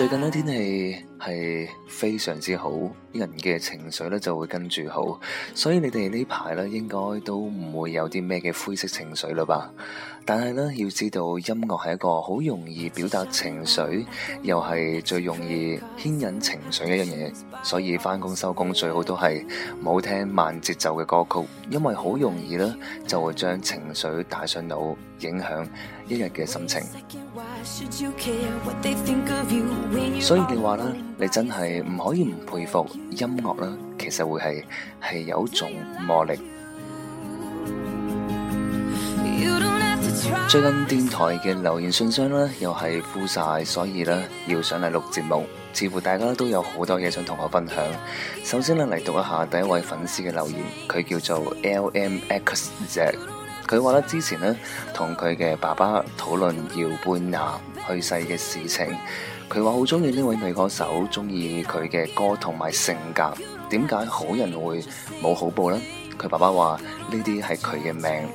最近呢，天氣係非常之好，人嘅情緒咧就會跟住好，所以你哋呢排咧應該都唔會有啲咩嘅灰色情緒啦吧？但係咧要知道，音樂係一個好容易表達情緒，又係最容易牽引情緒嘅一樣嘢，所以翻工收工最好都係唔好聽慢節奏嘅歌曲，因為好容易咧就會將情緒帶上腦，影響。一日嘅心情，所以嘅話咧，你真係唔可以唔佩服音樂啦，其實會係係有種魔力。最近電台嘅留言信箱呢又係 full 晒，所以呢要上嚟錄節目，似乎大家都有好多嘢想同我分享。首先呢，嚟讀一下第一位粉絲嘅留言，佢叫做 L M X Z。佢話咧，之前咧同佢嘅爸爸討論姚貝娜去世嘅事情。佢話好鍾意呢位女歌手，鍾意佢嘅歌同埋性格。點解好人會冇好報呢？佢爸爸話呢啲係佢嘅命。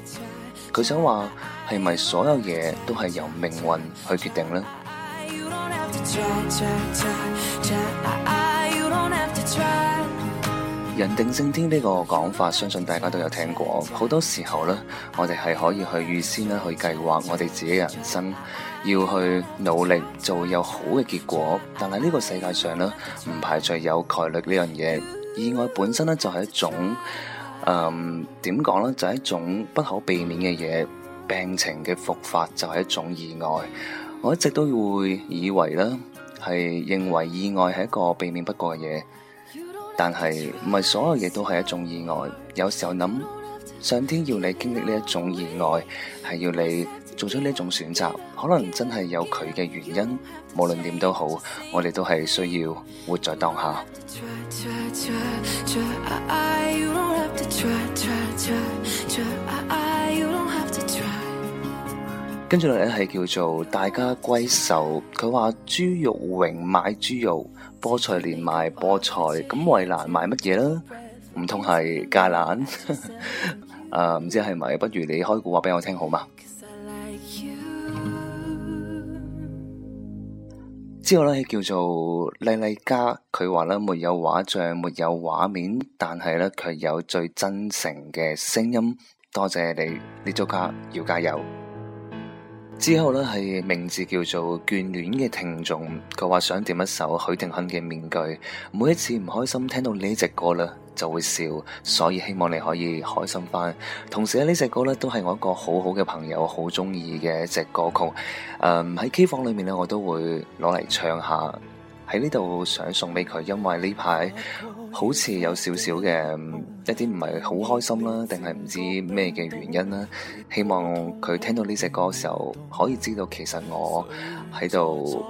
佢想話係咪所有嘢都係由命運去決定呢？ 人定勝天呢個講法，相信大家都有聽過。好多時候呢，我哋係可以去預先咧去計劃我哋自己人生，要去努力就會有好嘅結果。但係呢個世界上呢，唔排除有概率呢樣嘢，意外本身呢，就係、是、一種，誒、嗯，點講呢就係、是、一種不可避免嘅嘢。病情嘅復發就係一種意外。我一直都會以為啦，係認為意外係一個避免不過嘅嘢。但係，唔係所有嘢都係一種意外，有時候諗上天要你經歷呢一種意外，係要你做出呢種選擇，可能真係有佢嘅原因。無論點都好，我哋都係需要活在當下。 跟住落嚟咧係叫做大家閨秀，佢話豬肉榮買豬肉，菠菜連買菠菜，咁衛蘭買乜嘢啦？唔通係芥蘭？啊，唔知係咪？不如你開估話俾我聽好嘛？之後咧係叫做麗麗家，佢話咧沒有畫像，沒有畫面，但係咧卻有最真誠嘅聲音。多謝你，呢租客要加油。之後呢，係名字叫做眷戀嘅聽眾，佢話想點一首許廷鏗嘅《面具》。每一次唔開心聽到呢隻歌呢，就會笑，所以希望你可以開心翻。同時呢隻歌呢，都係我一個好好嘅朋友好中意嘅一隻歌曲。誒、嗯，喺 K 房裏面呢，我都會攞嚟唱下。喺呢度想送俾佢，因為呢排好似有少少嘅一啲唔係好開心啦，定係唔知咩嘅原因啦。希望佢聽到呢隻歌嘅時候，可以知道其實我喺度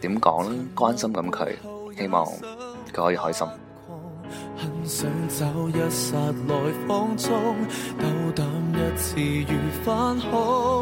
點講呢？關心緊佢，希望佢可以開心。很想走，一剎來放縱，鬥膽一次如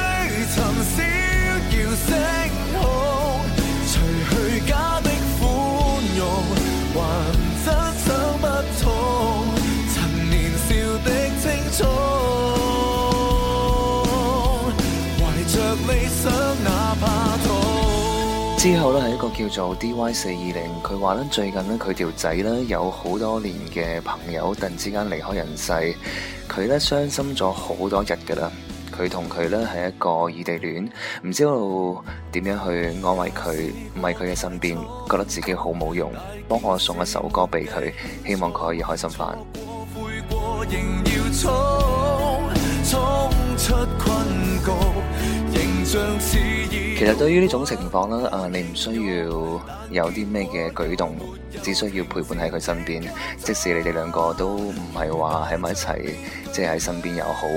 之後呢，係一個叫做 DY 四二零，佢話呢，最近呢，佢條仔呢，有好多年嘅朋友突然之間離開人世，佢呢，傷心咗好多日噶啦，佢同佢呢，係一個異地戀，唔知道點樣去安慰佢，唔喺佢嘅身邊，覺得自己好冇用，幫我送一首歌俾佢，希望佢可以開心返。嗯其實對於呢種情況咧，誒，你唔需要有啲咩嘅舉動，只需要陪伴喺佢身邊。即使你哋兩個都唔係話喺埋一齊，即係喺身邊又好，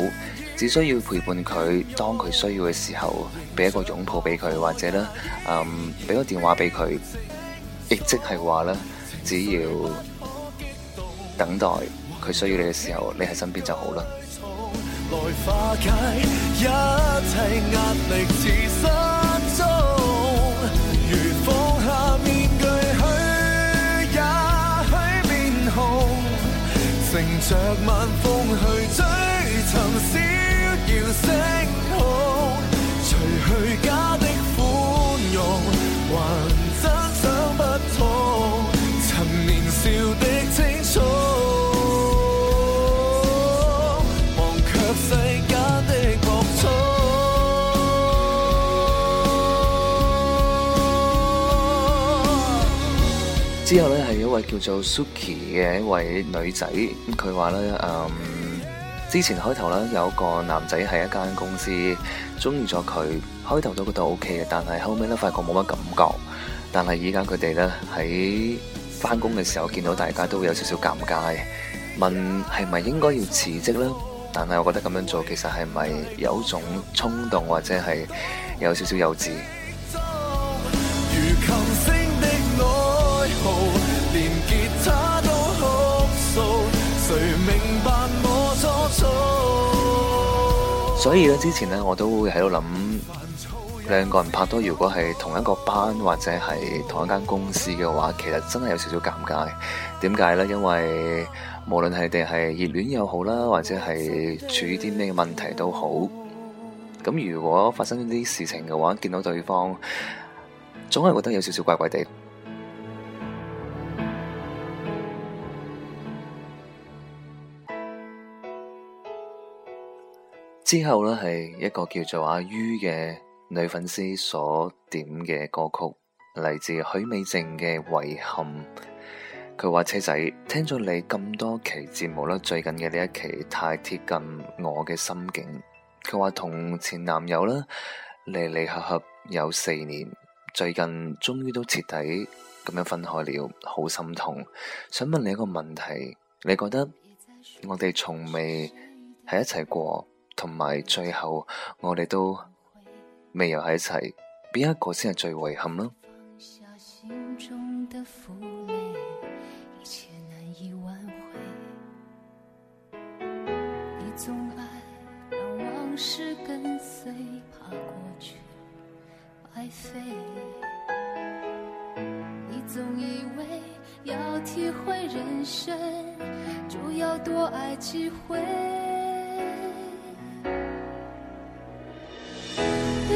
只需要陪伴佢，當佢需要嘅時候，俾一個擁抱俾佢，或者咧，誒、嗯，俾個電話俾佢，亦即係話咧，只要等待佢需要你嘅時候，你喺身邊就好啦。來化解一切壓力，似失蹤。如放下面具，去也許面紅。乘着晚風去追尋逍遙星空，除去假的寬容。還之後呢，係一位叫做 Suki 嘅一位女仔，佢話呢，嗯，之前開頭呢，有一個男仔喺一間公司中意咗佢，開頭都覺得 OK 嘅，但係後尾呢，發覺冇乜感覺，但係依家佢哋呢，喺翻工嘅時候見到大家都會有少少尷尬，問係咪應該要辭職呢？但係我覺得咁樣做其實係咪有種衝動或者係有少少幼稚？所以咧，之前咧，我都會喺度諗，兩個人拍拖，如果係同一個班或者係同一間公司嘅話，其實真係有少少尷尬。點解呢？因為無論佢哋係熱戀又好啦，或者係處於啲咩問題都好，咁如果發生啲事情嘅話，見到對方，總係覺得有少少怪怪地。之後呢，係一個叫做阿於嘅女粉絲所點嘅歌曲，嚟自許美靜嘅遺憾。佢話車仔聽咗你咁多期節目啦，最近嘅呢一期太貼近我嘅心境。佢話同前男友啦離離合合，有四年，最近終於都徹底咁樣分開了，好心痛。想問你一個問題，你覺得我哋從未係一齊過？同埋最後我，我哋都未有喺一齊，邊一個先係最遺憾咯？放下心中的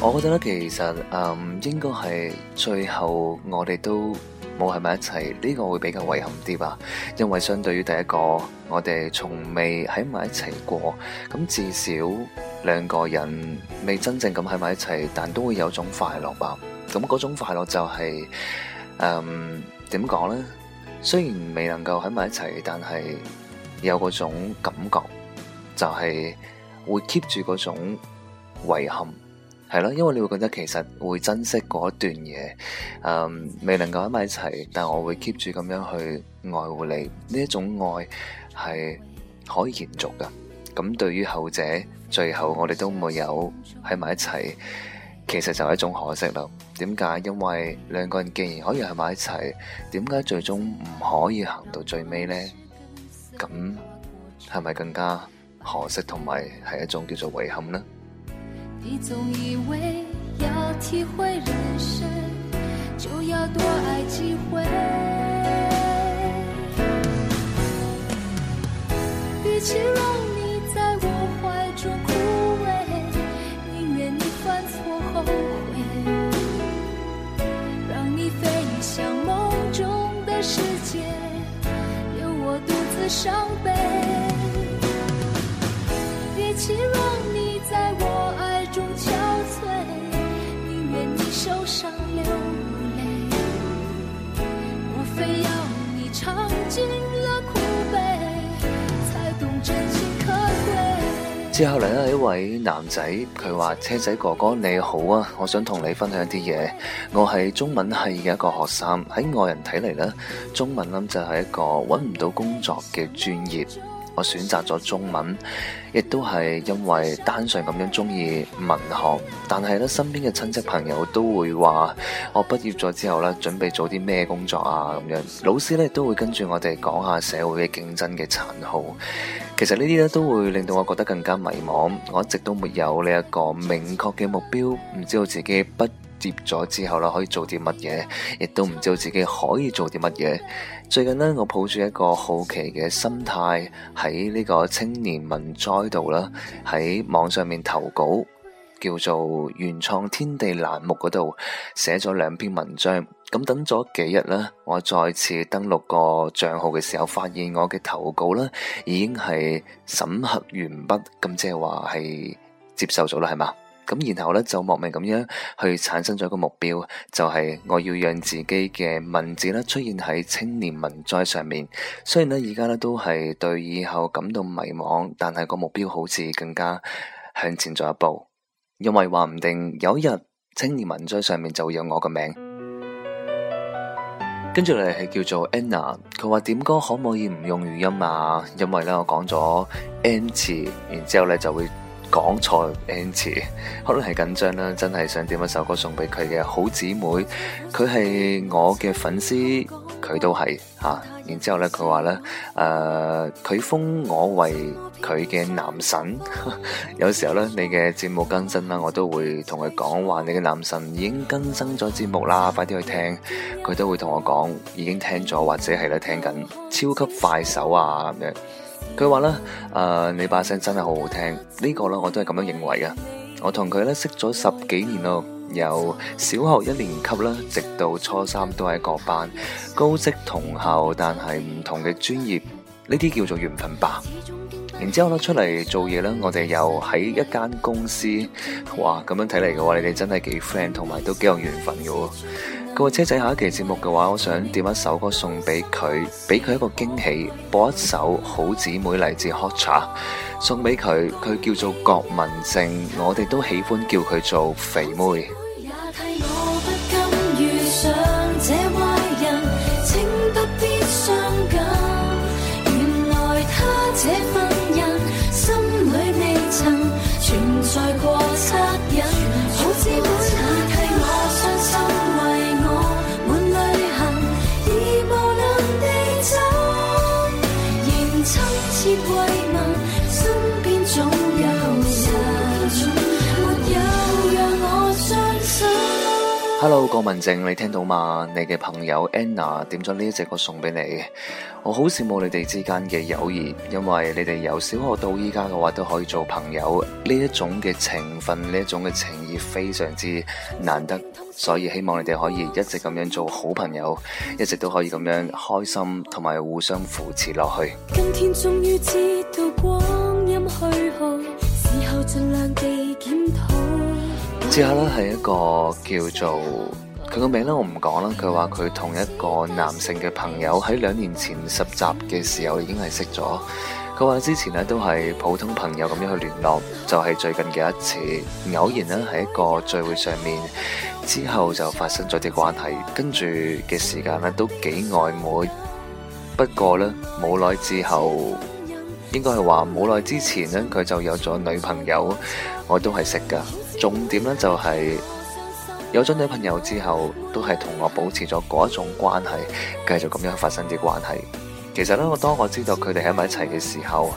我覺得咧，其實誒、嗯，應該係最後我哋都冇喺埋一齊，呢個會比較遺憾啲吧。因為相對於第一個，我哋從未喺埋一齊過。咁至少兩個人未真正咁喺埋一齊，但都會有種快樂吧。咁嗰種快樂就係誒，點講呢？雖然未能夠喺埋一齊，但係有嗰種感覺。就係會 keep 住嗰種遺憾，係咯，因為你會覺得其實會珍惜嗰段嘢，嗯，未能夠喺埋一齊，但我會 keep 住咁樣去愛護你，呢一種愛係可以延續噶。咁對於後者，最後我哋都冇有喺埋一齊，其實就係一種可惜啦。點解？因為兩個人既然可以喺埋一齊，點解最終唔可以行到最尾呢？咁係咪更加？可惜同埋係一種叫做遺憾呢。之後嚟咧，一位男仔佢話：車仔哥哥你好啊，我想同你分享一啲嘢。我係中文系嘅一個學生，喺外人睇嚟呢，中文諗就係一個揾唔到工作嘅專業。我選擇咗中文，亦都係因為單純咁樣中意文學。但係咧，身邊嘅親戚朋友都會話，我畢業咗之後咧，準備做啲咩工作啊？咁樣，老師咧都會跟住我哋講下社會嘅競爭嘅殘酷。其實呢啲咧都會令到我覺得更加迷茫。我一直都沒有呢一個明確嘅目標，唔知道自己畢業咗之後啦可以做啲乜嘢，亦都唔知道自己可以做啲乜嘢。最近呢，我抱住一個好奇嘅心態喺呢個青年文摘度啦，喺網上面投稿，叫做原創天地欄目嗰度寫咗兩篇文章。咁等咗幾日啦，我再次登錄個賬號嘅時候，發現我嘅投稿啦已經係審核完畢，咁即係話係接受咗啦，係嘛？咁然後咧就莫名咁樣去產生咗一個目標，就係、是、我要讓自己嘅文字咧出現喺青年文摘上面。雖然咧而家咧都係對以後感到迷茫，但係個目標好似更加向前進一步。因為話唔定有一日青年文摘上面就會有我嘅名。跟住嚟係叫做 Anna，佢話點歌可唔可以唔用語音啊？因為咧我講咗 N 次，然之後咧就會。講錯 N 次，chi, 可能係緊張啦，真係想點一首歌送俾佢嘅好姊妹。佢係我嘅粉絲，佢都係嚇。然之後咧，佢話咧，誒、呃、佢封我為佢嘅男神。 有時候咧，你嘅節目更新啦，我都會同佢講話，你嘅男神已經更新咗節目啦，快啲去聽。佢都會同我講已經聽咗，或者係咧聽緊超級快手啊咁樣。佢話啦，誒、呃，你把聲真係好好聽，呢、這個咧我都係咁樣認為嘅。我同佢咧識咗十幾年咯，由小學一年級啦，直到初三都喺個班，高職同校，但係唔同嘅專業，呢啲叫做緣分吧。然之後咧出嚟做嘢咧，我哋又喺一間公司，哇，咁樣睇嚟嘅話，你哋真係幾 friend，同埋都幾有緣分嘅喎。各位車仔，下一期節目嘅話，我想點一首歌送俾佢，俾佢一個驚喜，播一首好姊妹嚟自 Hotcha，送俾佢，佢叫做郭文靜，我哋都喜歡叫佢做肥妹。Hello，郭文靜，你聽到嗎？你嘅朋友 Anna 點咗呢一隻歌送俾你，我好羨慕你哋之間嘅友誼，因為你哋由小學到依家嘅話都可以做朋友，呢一種嘅情分，呢一種嘅情誼非常之難得，所以希望你哋可以一直咁樣做好朋友，一直都可以咁樣開心同埋互相扶持落去。今天終於知道光陰虛耗，以後盡量地檢討。之後咧，係一個叫做佢個名咧，我唔講啦。佢話佢同一個男性嘅朋友喺兩年前實習嘅時候已經係識咗。佢話之前咧都係普通朋友咁樣去聯絡，就係最近嘅一次偶然咧，喺一個聚會上面之後就發生咗啲關係，跟住嘅時間咧都幾曖昧。不過咧冇耐之後。應該係話冇耐之前呢，佢就有咗女朋友，我都係識㗎。重點呢、就是，就係有咗女朋友之後，都係同我保持咗嗰一種關係，繼續咁樣發生啲關係。其實呢，我當我知道佢哋喺埋一齊嘅時候，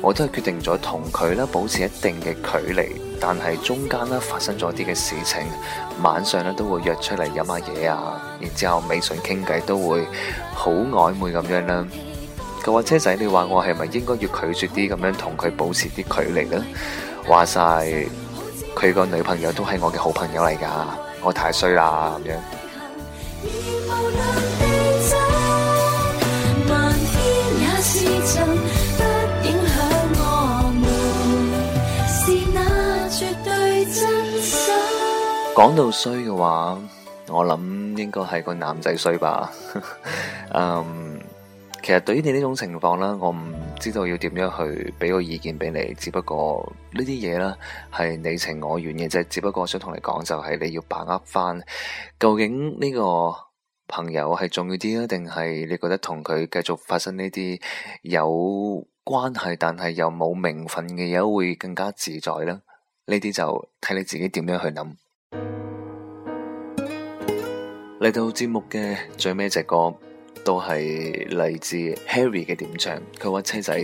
我都係決定咗同佢咧保持一定嘅距離。但係中間呢，發生咗啲嘅事情，晚上呢都會約出嚟飲下嘢啊，然之後微信傾偈都會好曖昧咁樣啦。又話車仔，你話我係咪應該要拒絕啲咁樣同佢保持啲距離呢？話晒佢個女朋友都係我嘅好朋友嚟噶，我太衰啦咁樣。講到衰嘅話，我諗應該係個男仔衰吧。 um, 其實對於你呢種情況啦，我唔知道要點樣去俾個意見俾你。只不過呢啲嘢啦，係你情我願嘅啫。只不過想同你講，就係你要把握翻究竟呢個朋友係重要啲啊，定係你覺得同佢繼續發生呢啲有關係，但係又冇名分嘅嘢，會更加自在咧。呢啲就睇你自己點樣去諗。嚟 到節目嘅最尾一隻歌都係嚟自 Harry 嘅點唱，佢話車仔，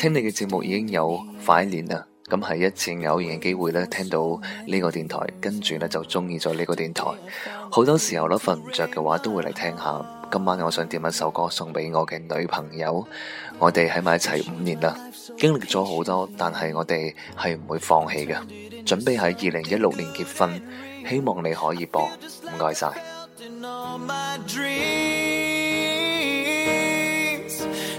聽你嘅節目已經有快年啦，咁係一次偶然嘅機會咧，聽到呢個電台，跟住咧就中意咗呢個電台。好多時候咧瞓唔着嘅話，都會嚟聽下。今晚我想點一首歌送俾我嘅女朋友，我哋喺埋一齊五年啦，經歷咗好多，但係我哋係唔會放棄嘅。準備喺二零一六年結婚，希望你可以播，唔該晒。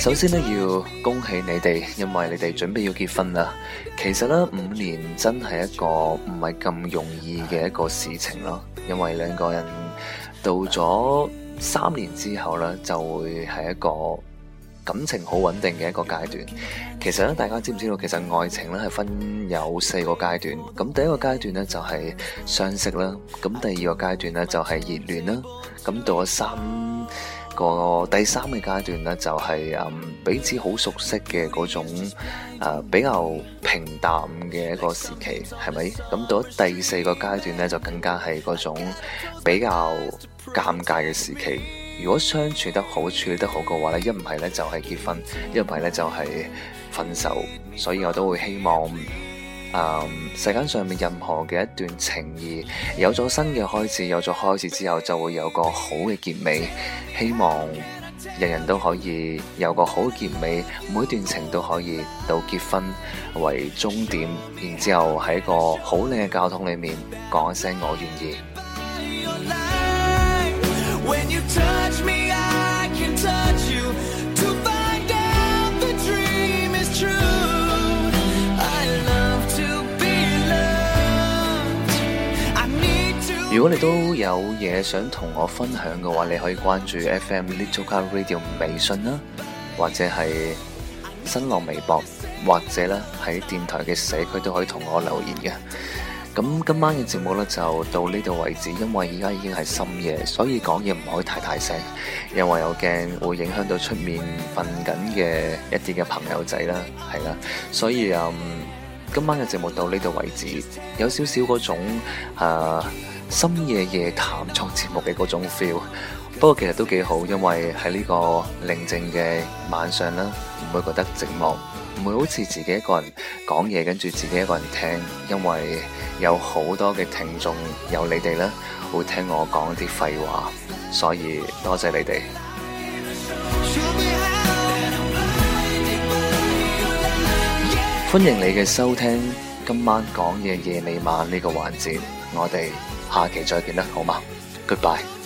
首先咧要恭喜你哋，因為你哋準備要結婚啦。其實咧五年真係一個唔係咁容易嘅一個事情咯，因為兩個人到咗三年之後咧就會係一個感情好穩定嘅一個階段。其實咧大家知唔知道，其實愛情咧係分有四個階段。咁第一個階段咧就係相識啦，咁第二個階段咧就係熱戀啦，咁到咗三。個第三嘅階段呢，就係彼此好熟悉嘅嗰種、呃、比較平淡嘅一個時期，係咪？咁、嗯、到咗第四個階段呢，就更加係嗰種比較尷尬嘅時期。如果相處得好，處理得好嘅話呢，一唔係呢，就係、是、結婚，一唔係呢，就係、是、分手。所以我都會希望。誒，um, 世間上面任何嘅一段情誼，有咗新嘅開始，有咗開始之後，就會有個好嘅結尾。希望人人都可以有個好嘅結尾，每段情都可以到結婚為終點，然之後喺個好靚嘅教堂裏面講一聲我願意。如果你都有嘢想同我分享嘅話，你可以關注 F.M. Little Car Radio 微信啦，或者係新浪微博，或者咧喺電台嘅社區都可以同我留言嘅。咁今晚嘅節目咧就到呢度為止，因為而家已經係深夜，所以講嘢唔可以太大聲，因為我驚會影響到出面瞓緊嘅一啲嘅朋友仔啦，係啦，所以呀。嗯今晚嘅節目到呢度為止，有少少嗰種啊深夜夜談作節目嘅嗰種 feel，不過其實都幾好，因為喺呢個寧靜嘅晚上咧，唔會覺得寂寞，唔會好似自己一個人講嘢，跟住自己一個人聽，因為有好多嘅聽眾有你哋咧，會聽我講啲廢話，所以多謝你哋。歡迎你嘅收聽，今晚講嘢夜未晚呢，這個環節，我哋下期再見啦，好嘛？Goodbye。